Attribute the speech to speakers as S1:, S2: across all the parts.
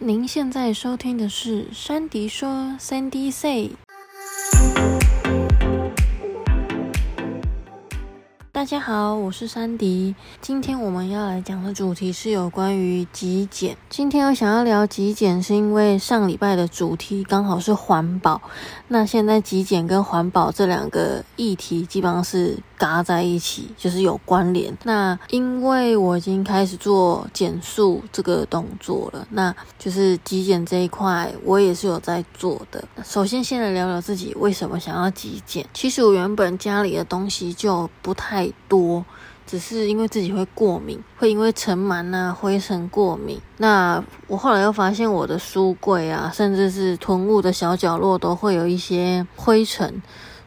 S1: 您現在收聽的是珊迪說 （Sandy Say）。大家好，我是珊迪。今天我們要來講的主題是有關於極簡。今天我想要聊極簡，是因為上禮拜的主題剛好是環保。那現在極簡跟環保這兩個議題，基本上是搭在一起，就是有關聯。那因為我已經開始做減塑這個動作了，那就是極簡這一塊我也是有在做的。首先，先來聊聊自己為什麼想要極簡。其實我原本家裡的東西就不太多，只是因為自己會過敏，會因為塵蟎啊、灰塵過敏。那我後來又發現我的書櫃啊，甚至是囤物的小角落都會有一些灰塵。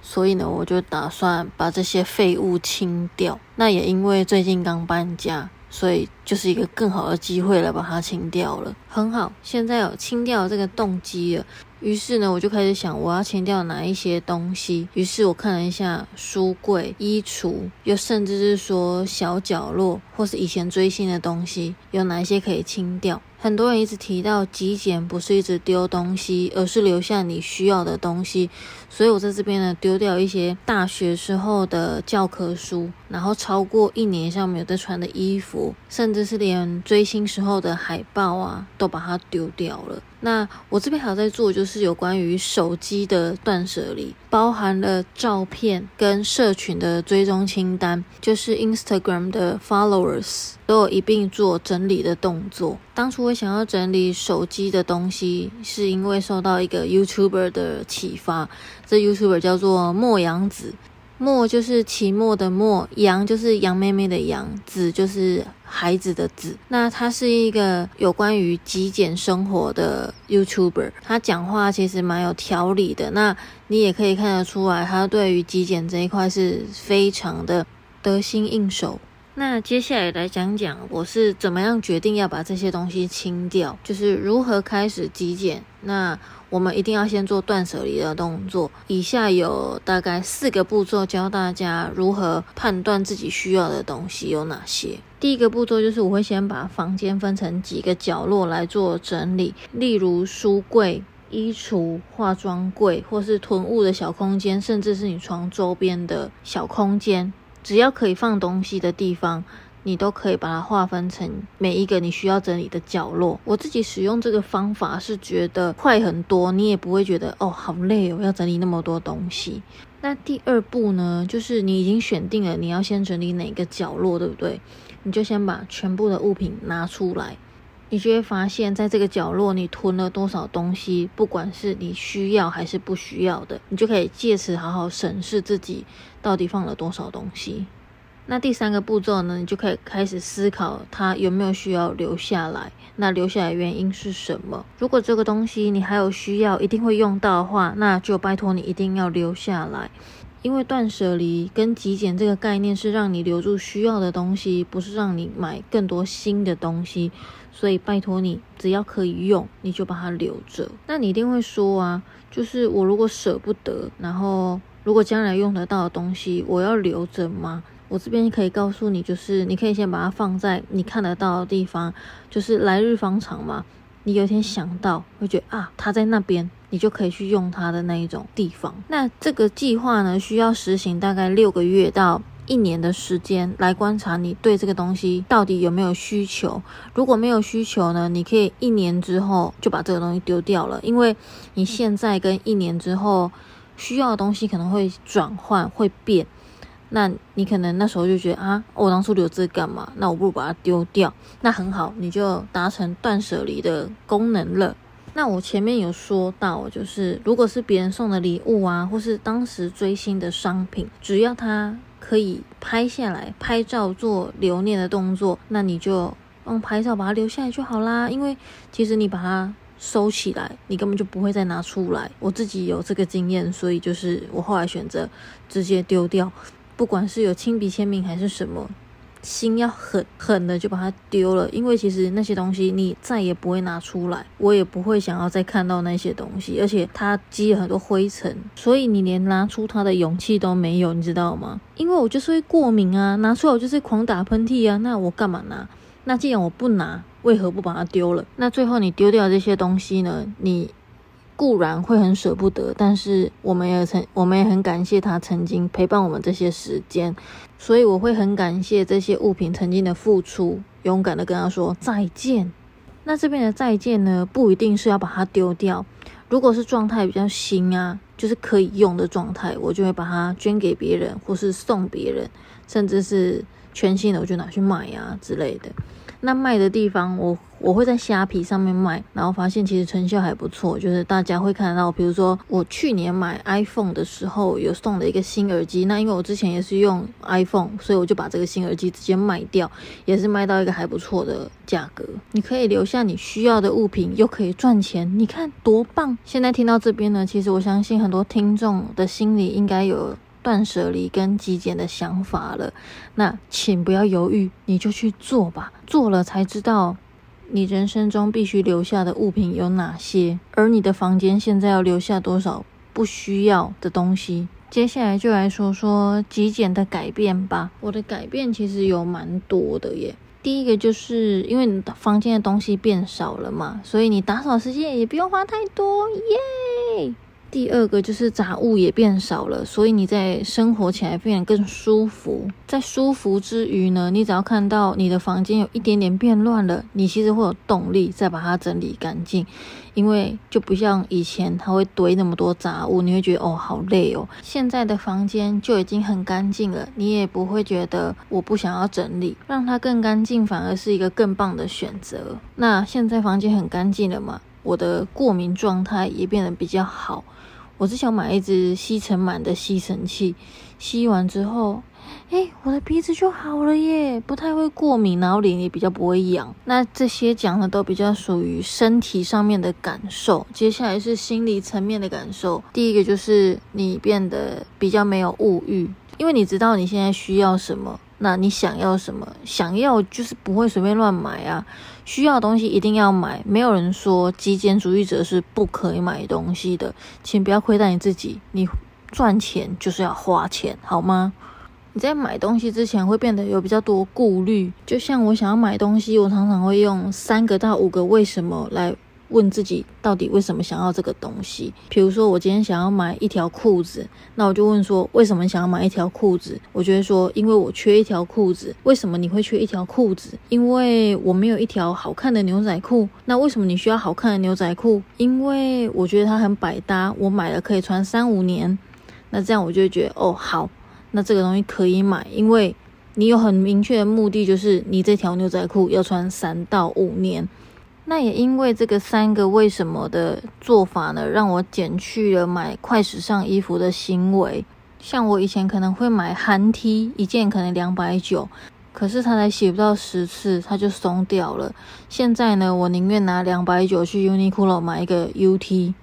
S1: 所以呢，我就打算把這些廢物清掉。那也因為最近剛搬家，所以，就是一個更好的機會來把它清掉了，很好。現在有清掉這個動機了，於是呢，我就開始想我要清掉哪一些東西。於是我看了一下書櫃、衣櫥，又甚至是說小角落或是以前追星的東西，有哪一些可以清掉。很多人一直提到極簡不是一直丟東西，而是留下你需要的東西。所以我在這邊呢，丟掉一些大學時候的教科書，然後超過一年以上沒有在穿的衣服，甚至。甚至是連追星時候的海報啊，都把它丟掉了。那我這邊還在做，就是有關於手機的斷舍離，包含了照片跟社群的追蹤清單，就是 Instagram 的 followers 都有一併做整理的動作。當初我想要整理手機的東西，是因為受到一個 YouTuber 的啟發，這 YouTuber 叫做末羊子。末就是期末的末，羊就是羊妹妹的羊，子就是孩子的子。那他是一個有關於極簡生活的 YouTuber，他講話其實蠻有條理的。那你也可以看得出來，他對於極簡這一塊是非常的得心應手。那接下來來講講我是怎麼樣決定要把這些東西清掉，就是如何開始極簡。那我們一定要先做斷捨離的動作。以下有大概四個步驟教大家如何判斷自己需要的東西有哪些。第一個步驟就是我會先把房間分成幾個角落來做整理，例如書櫃、衣櫥、化妝櫃，或是囤物的小空間，甚至是你床周邊的小空間。只要可以放東西的地方，你都可以把它劃分成每一個你需要整理的角落。我自己使用這個方法是覺得快很多，你也不會覺得哦，好累哦，要整理那麼多東西。那第二步呢，就是你已經選定了你要先整理哪個角落，對不對？你就先把全部的物品拿出來，你就會發現在這個角落你囤了多少東西，不管是你需要還是不需要的，你就可以借此好好審視自己。到底放了多少東西？那第三個步驟呢，你就可以開始思考它有沒有需要留下來。那留下來原因是什麼？如果這個東西你還有需要，一定會用到的話，那就拜托你一定要留下來。因為斷捨離跟極簡這個概念是讓你留住需要的東西，不是讓你買更多新的東西。所以拜托你，只要可以用，你就把它留着。那你一定會說啊，就是我如果捨不得，然後。如果將來用得到的東西，我要留着嗎？我這邊可以告訴你，就是你可以先把它放在你看得到的地方，就是來日方長嘛。你有一天想到，會覺得啊，它在那邊，你就可以去用它的那一種地方。那這個計劃呢，需要實行大概六個月到一年的時間來觀察你對這個東西到底有沒有需求。如果沒有需求呢，你可以一年之後就把這個東西丟掉了，因為你現在跟一年之後。需要的東西可能會轉換、會變，那你可能那時候就覺得啊，哦，我當初留這幹嘛？那我不如把它丟掉，那很好，你就達成斷捨離的功能了。那我前面有說到，就是如果是別人送的禮物啊，或是當時追星的商品，只要它可以拍下來、拍照做留念的動作，那你就用拍照把它留下來就好啦。因為其實你把它。收起來，你根本就不會再拿出來。我自己有這個經驗，所以就是我後來選擇直接丟掉。不管是有親筆簽名還是什麼，心要狠狠的就把它丟了。因為其實那些東西你再也不會拿出來，我也不會想要再看到那些東西。而且它積了很多灰塵，所以你連拿出它的勇氣都沒有，你知道嗎？因為我就是會過敏啊，拿出來我就是會狂打噴嚏啊，那我幹嘛拿？那既然我不拿，為何不把它丟了？那最後你丟掉這些東西呢？你固然會很捨不得，但是我們也曾，我們也很感謝他曾經陪伴我們這些時間，所以我會很感謝這些物品曾經的付出，勇敢地跟他說再見。那這邊的再見呢，不一定是要把它丟掉。如果是狀態比較新啊，就是可以用的狀態，我就會把它捐給別人，或是送別人，甚至是。全新的，我就拿去賣呀、啊、之類的。那賣的地方我，我我會在蝦皮上面賣，然後發現其實成效還不錯。就是大家會看到，比如說我去年買 iPhone 的時候，有送了一個新耳機。那因為我之前也是用 iPhone，所以我就把這個新耳機直接賣掉，也是賣到一個還不錯的價格。你可以留下你需要的物品，又可以賺錢，你看多棒！現在聽到這邊呢，其實我相信很多聽眾的心裡應該有。斷捨離跟極簡的想法了，那請不要猶豫，你就去做吧。做了才知道你人生中必須留下的物品有哪些，而你的房間現在要留下多少不需要的東西。接下來就來說說極簡的改變吧。我的改變其實有蠻多的耶。第一個就是因為房間的東西變少了嘛，所以你打掃時間也不用花太多耶。第二個就是雜物也變少了，所以你在生活起來變得更舒服。在舒服之餘呢，你只要看到你的房間有一點點變亂了，你其實會有動力再把它整理乾淨，因為就不像以前它會堆那麼多雜物，你會覺得哦，好累哦。現在的房間就已經很乾淨了，你也不會覺得我不想要整理，讓它更乾淨反而是一個更棒的選擇。那現在房間很乾淨了嘛，我的過敏狀態也變得比較好。我是想買一支吸塵蟎的吸塵器，吸完之後，誒、欸，我的鼻子就好了耶，不太會過敏，然後臉也比較不會癢。那這些講的都比較屬於身體上面的感受，接下來是心理層面的感受。第一個就是你變得比較沒有物慾，因為你知道你現在需要什麼。那你想要什麼？想要就是不會隨便亂買啊，需要的東西一定要買。沒有人說極簡主義者是不可以買東西的，請不要虧待你自己。你賺錢就是要花錢，好嗎？你在買東西之前會變得有比較多顧慮。就像我想要買東西，我常常會用三個到五個為什麼來。問自己到底為什麼想要這個東西？比如說，我今天想要買一條褲子，那我就問說，為什麼想要買一條褲子？我覺得說，因為我缺一條褲子。為什麼你會缺一條褲子？因為我沒有一條好看的牛仔褲。那為什麼你需要好看的牛仔褲？因為我覺得它很百搭，我買了可以穿三五年。那這樣我就會覺得，哦，好，那這個東西可以買，因為你有很明確的目的，就是你這條牛仔褲要穿三到五年。那也因為這個三個為什麼的做法呢，讓我減去了買快時尚衣服的行為。像我以前可能會買韓 T，一件可能兩百九，可是它才洗不到十次，它就鬆掉了。現在呢，我寧願拿兩百九去 Uniqlo 買一個 UT，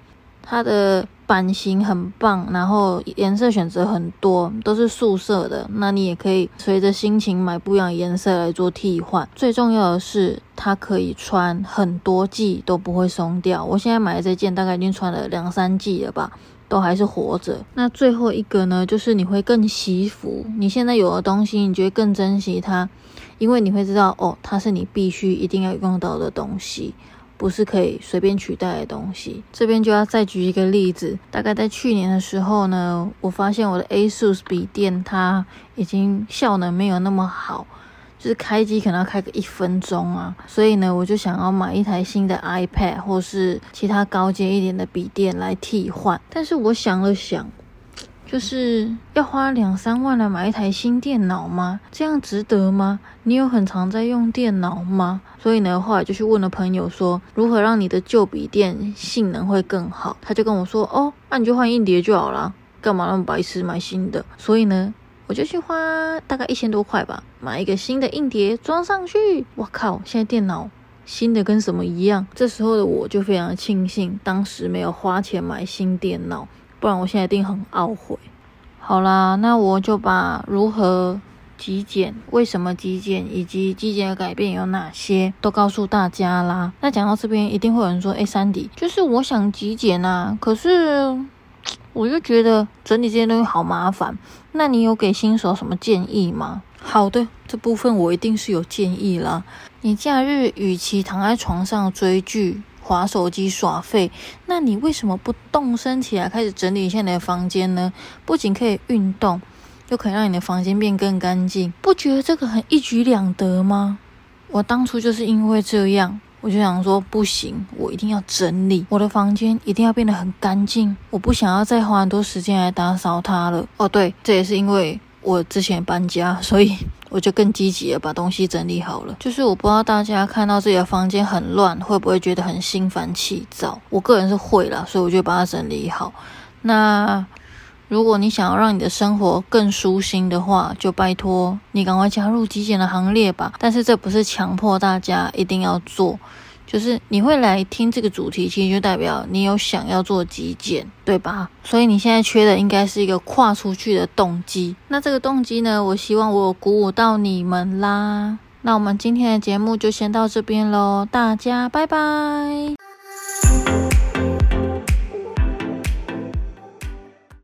S1: 它的。版型很棒，然後顏色選擇很多，都是素色的。那你也可以隨着心情買不一樣的顏色來做替換。最重要的是，它可以穿很多季都不會鬆掉。我現在買的這件大概已經穿了兩三季了吧，都還是活着。那最後一個呢，就是你會更惜福。你現在有的東西，你就會更珍惜它，因為你會知道，哦，它是你必須一定要用到的東西。不是可以隨便取代的東西。這邊就要再舉一個例子，大概在去年的時候呢，我發現我的 ASUS 筆電它已經效能沒有那麼好，就是開機可能要開個一分鐘啊，所以呢，我就想要買一台新的 iPad 或是其他高階一點的筆電來替換。但是我想了想。就是要花兩三萬來買一台新電腦嗎？這樣值得嗎？你有很常在用電腦嗎？所以呢，後來就去問了朋友說，如何讓你的舊筆電性能會更好？他就跟我說，哦，那你就換硬碟就好啦，幹嘛那麼白痴買新的？所以呢，我就去花大概一千多塊吧，買一個新的硬碟裝上去。我靠，現在電腦新的跟什麼一樣？這時候的我就非常的慶幸，當時沒有花錢買新電腦。不然我現在一定很懊悔。好啦，那我就把如何極簡、為什麼極簡以及極簡的改變有哪些都告訴大家啦。那講到這邊，一定會有人說：“誒，珊迪，Sandy，就是我想極簡啊，可是我又覺得整理這些東西好麻煩。那你有給新手什麼建議嗎？”好的，這部分我一定是有建議啦。你假日與其躺在床上追劇。滑手機耍廢，那你為什麼不動身起來開始整理一下你的房間呢？不僅可以運動，又可以讓你的房間變更乾淨，不覺得這個很一舉兩得嗎？我當初就是因為這樣，我就想說不行，我一定要整理我的房間，一定要變得很乾淨，我不想要再花很多時間來打掃它了。哦，對，這也是因為。我之前搬家，所以我就更積極的把東西整理好了。就是我不知道大家看到自己的房間很亂，會不會覺得很心煩氣躁？我個人是會啦。所以我就把它整理好。那如果你想要讓你的生活更舒心的話，就拜托你趕快加入極簡的行列吧。但是這不是強迫大家一定要做。就是你會來聽這個主題，其實就代表你有想要做極簡，對吧？所以你現在缺的應該是一個跨出去的動機。那這個動機呢，我希望我鼓舞到你們啦。那我們今天的節目就先到這邊嘍，大家拜拜。